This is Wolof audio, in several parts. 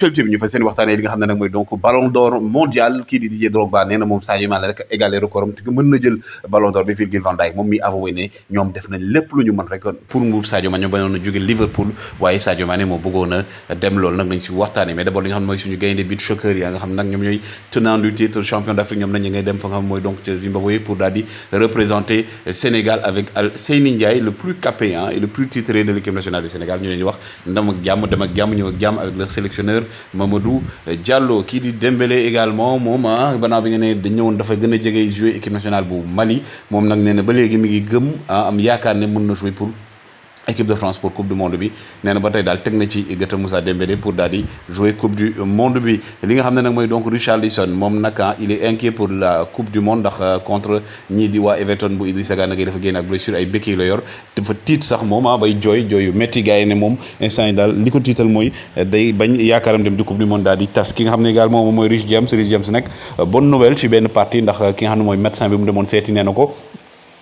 actualité bi ñu fa seen waxtaanee li nga xam ne nag mooy donc ballon d'or mondial kii di Didier Drogba nee na moom Sadio Mané rek égalé record te mën na jël ballon d'or bi Virgil van Dijk moom mi avoué ne ñoom def nañ lépp lu ñu mën rek pour mu Sadio Mané ñoom bañoon na jóge Liverpool waaye Sadio Mané moo bëggoon a dem loolu nag nañ ci waxtaanee mais d'abord li nga xam ne mooy suñu gaynde beach soccer yaa nga xam ne nag ñoom ñooy tenant du titre champion d'Afrique ñoom nag ñu ngay dem fa nga xam mooy donc Zimbabwe pour daal di représenter Sénégal avec Seyni Ndiaye le plus capé et le plus titré de l'équipe nationale du Sénégal ñu leen di wax ndam ak jàmm dem ak jàmm ñëw ak jàmm avec leur sélectionneur Mamadou Diallo kii di Dembélé également moom ah gannaaw bi nga ne dañ ñëwoon dafa gën a jege jouer équipe nationale bu Mali moom nag nee na ba léegi mi ngi gëm ah, am yaakaar ne mun na jouer pour. équipe de France pour coupe du monde bi néna ba tay dal teg na ci gëta Moussa Dembélé pour dal di jouer coupe du monde bi li nga xamné nak moy donc Richarlison mom nak ah, il est inquiet pour la coupe du monde ndax ah, contre ñi di wa Everton bu Idrissa Gueye Gueye dafa gën ak blessure ay béquilles la yor dafa tiit sax moom ah bay joy jooyu métti gars yi ne moom instant yi daal li ko tiital eh, day bañ yaakaaram dem di coupe du monde dal di tas ki nga xamné ne mom moy Rich James Rich James nak bonne nouvelle ci ben partie ndax ah, ki nga xamné moy médecin bi mu demone séti nee na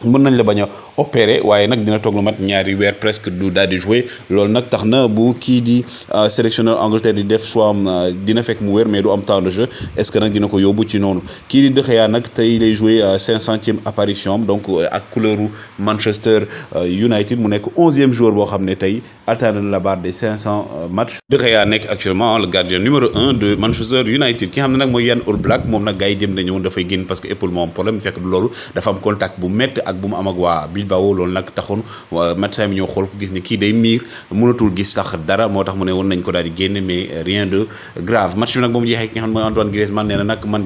mën nañ la bañ a opéré waaye nag dina toog lu mat ñaari weer presque du daal di jouer loolu nag tax na bu kii di euh, sélectionneur Angleterre di def soit euh, dina fekk mu wér mais du am temps de jeu est-ce que nag dina ko yóbbu ci noonu kii di De Gea nag tey lay joué euh, cinq centième apparition donc ak couleuru Manchester United mu nekk onzième joueur boo xam ne tey atteindre na la barre des cinq cent matchs. De Gea nekk actuellement le gardien numéro un de Manchester United ki nga xam ne nag mooy Jan Oblak moom nag gars yi jëm nañu woon dafay génn parce que épaule moo problème fekk du loolu dafa am contact bu métti. ak bu mu am ak waa Bilbao loolu nag taxoon médecin bi ñoo xool ko gis ne kii day miir mënatul gis sax dara moo tax mu ne woon nañ ko daal di génne mais rien de grave match bi nag ba mu man ne loo xam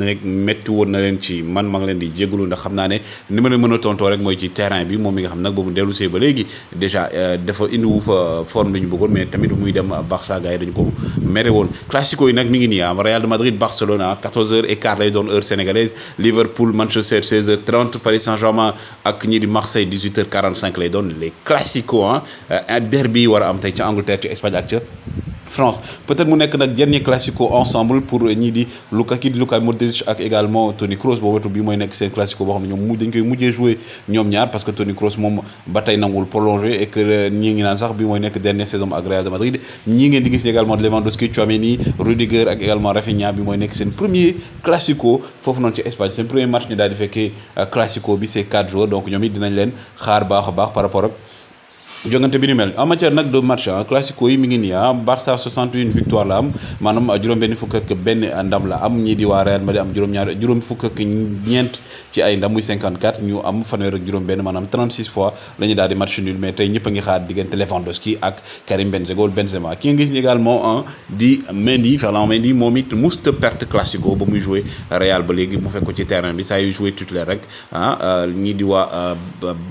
ne rek métti na leen ci man maa leen di jéggalu ndax xam naa ne ni ma leen mën a tontoo rek mooy ci terrain bi moom mi nga xam nag boobu dellu see ba léegi déjà euh, dafa indiwu fa forme bi ñu bëggoon mais tamit muy dem Barça gars yi dañu ko mere woon classico yi nag mi ngi nii am ah, Real de Madrid Barcelona 14h15 lay heure sénégalaise Liverpool Manchester 16h30 Paris Saint-Germain à ñi Marseille 18h45 les les classicos hein. euh, Un derby ou Angleterre Espagne acteur France peut-être mu nekk dernier classico ensemble pour ñii di Luka Kid, Luka Modric ak également Toni Kroos Pour être bi c'est nekk classico boo nous ne ñoom jouer nyomnyar parce que Toni Kroos mom bataille tey nangul prolongé et que ñii ngi naan sax bi dernière saison ak Real de Madrid ñii ngeen di gis également Lewandowski Chouameni, Rudiger ak également Rafinha bi mooy premier classico Faut noonu ci Espagne premier match ñu daal di que classico c'est quatre jours donc nous avons dinañ leen xaar baax par rapport ak jongante bi ni mel en matière nag de match ah, classico yi mi ngi ni ah, Barça 61 victoire la am manam juróom-benn fuk ak ben ndam la am ñi di wa Real Madrid am juróom-ñaar juróom fuk ak ñent ci ay ndam 54 ñu am fanweer ak juróom-benn manam 36 fois lañu ñu daal di match nul mais tay ñepp a ngi xaar diggante Lewandowski ak Karim Benzema Benzema ki nga gis ni également ah, di Mendy Ferland Mendy momit must perte classico ba muy jouer Real ba légui mu fekk ko ci terrain bi saa yu joué titulaire rek ah ñi di wa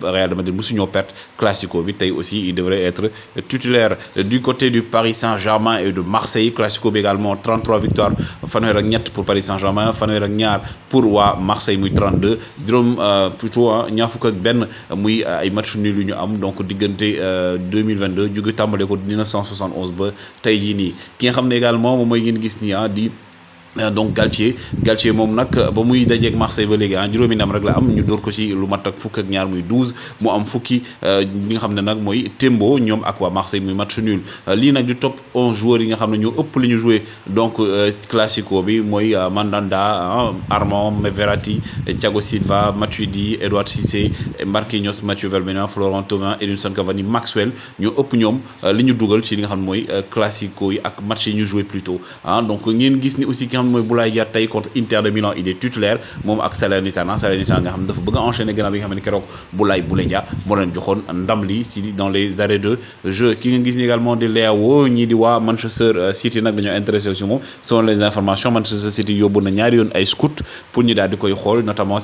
Real Madrid musu ñoo perte classico bi aussi, il devrait être titulaire. Du côté du Paris Saint-Germain et de Marseille, classique également, 33 victoires, fanweer ragnat pour Paris Saint-Germain fanweer ak pour Marseille 32 Drum euh, plutôt il Ben, hein, ak ben euh, match nul l'Union am donc diggante 2022 euh, du tàmbale ko 1971 ba tey jii qui ki également euh, donc Galtier Galtier mom nak, euh, ba muy ak Marseille ba légui ah juroomi nam rek la am ñu dóor ko ci lu mat ak fuk ak ñaar muy 12 mu am fukki euh, ñi nga xamné nak moy Tembo ñom ak wa Marseille muy match nul li nak du top 11 joueurs yi nga xamné ne ñoo ëpp li ñu donc classico bi moy Mandanda ah, Armand Verratti Thiago Silva Matuidi Edouard Cissé Marquinhos Mathieu Valbuena Florent Thauvin Edinson Cavani Maxwell ñoo ëpp ñom li ñu dugal ci li nga xamné moy classico yi ak match yi ñu jouer plutôt ah, donc ngeen gis ni aussi xam Boulaye contre Inter de Milan il est titulaire mom ak Salernitana Salernitana nga xam bëgg enchaîner bi nga xam Boulaye Boulaye dans les arrêts de jeu ki nga également di Leao ñi di Manchester City nak dañu intéressé ci so selon les informations Manchester City Yobuna ñaari yoon ay scout pour ñu dal notamment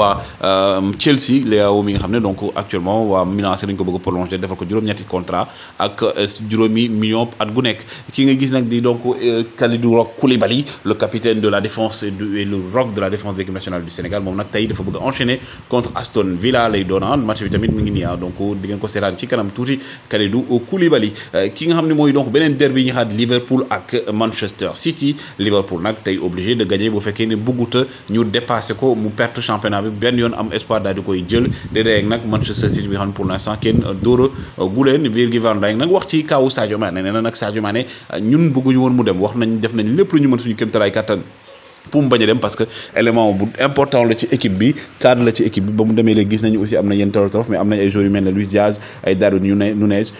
à euh, Chelsea les mi nga donc actuellement wa Milan Minas dañ ko bëgg prolonger prolongé defal ko juroom ñetti contrat ak euh, juroomi million at gu nek ki nga gis di donc euh, Kalidou Koulibaly le capitaine de la défense et le rock de la défense de l'équipe nationale du Sénégal mom nak tay dafa bëgg enchaîner contre Aston Villa lay doonaan ah, match bi tamit mi ah, donc di ngeen ko ci kanam touti Kalidou Koulibaly ki nga xamné moy donc benen derby Liverpool ak Manchester City Liverpool nak été obligé de gagner bu qu'il ne bëgguta ñu dépasser ko mu perte champion championnat bi benn yoon am espoir daal di koy jël déedéet nag Manchester City bi xam pour l'instant kenn dóor a guleen Virgil van nag wax ci kawu Sadio Mané nee na nag Sadio Mané ñun bëgguñu woon mu dem wax nañ def nañ lépp lu ñu mën suñu kéemtalaay kattan. pour mu bañ a dem parce que élément bu important la ci équipe bi cadre la ci équipe bi ba mu demee léegi gis nañu am na yenn tolof tolof mais am nañ ay joueurs yu mel ne Luis Diaz ay Darwin Nunez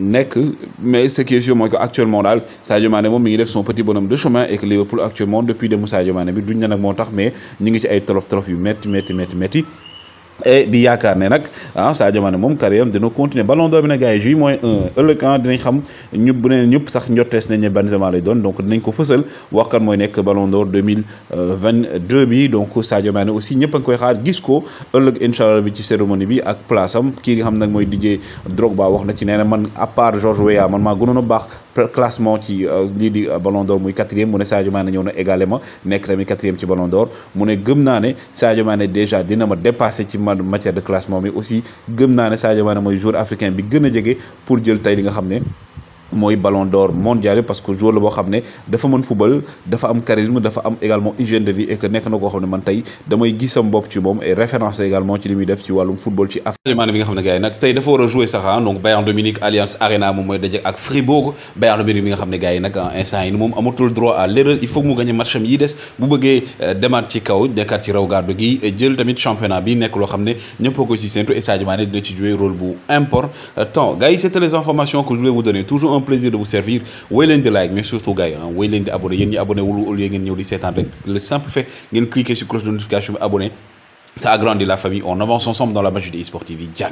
nek mais ce qui est sûr que actuellement d'Al Sadio Mané moom mi ngi def son petit bonhomme de chemin et que Liverpool actuellement depuis de Sadio Mané bi duñ ne nak motax mais ñi ngi ci ay tolof tolof yu metti metti metti metti et di yaakaar ne nag ah Sadio Mané moom carrière am dina continuer ballon d'or bi nag gars yi juillet mooy un ëllëg ah dinañ xam ñu bu ne ñëpp sax njortees nañ ne Benzema lay doon donc dinañ ko fësal wax kan mooy nekk ballon d'or 2022 bi donc Sadio Mané aussi ñëpp a koy xaar gis ko ëllëg incha bi ci cérémonie bi ak place am kii nga xam nag mooy liggéey Didier Drogba wax na ci nee na man à part George Weah man maa gënoon a baax. classement ci euh, lii di euh, Ballon d'Or muy quatrième mu ne Sadio Mané ñëw na également nekk tamit quatrième ci Ballon d'Or mu ne gëm naa ne Sadio Mané déjà dina ma dépassé ci ma matière de classement mais aussi gëm naa ne Sadio Mané mooy joueur africain bi gën a jege pour jël tey li nga xam ne moy ballon d'or mondial parce que joueur la boo xam dafa mëne football dafa am charisme dafa am également hygiène de vie et que nek na ko xamné man tay damay gissam bopp ci mom et référence également ci li def ci walum football ci Afrique man bi nga xamné gay nak tay dafa wara jouer sax ah donc Bayern de Munich Allianz Arena mom moy daje ak Fribourg Bayern de bi nga xamné gay nak ah, instant yi mom amatul droit à l'erreur il faut mu gagner match am yi dess bu bëggee euh, demaat ci kaw nekkaat ci raw gi euh, jël tamit championnat bi nek lo xamné ñepp ko ci centre et Sadio Mané dina ci jouer rôle bu important euh, gay yi c'était les informations que je voulais vous donner toujours un plaisir de vous servir Wayland de like mais surtout gars Wayland de woy Vous di abonné ou ñi abonné wul le simple fait ngeen cliquer sur cloche de notification abonnez. ça agrandit la famille on avance ensemble dans la magie de sport TV jaa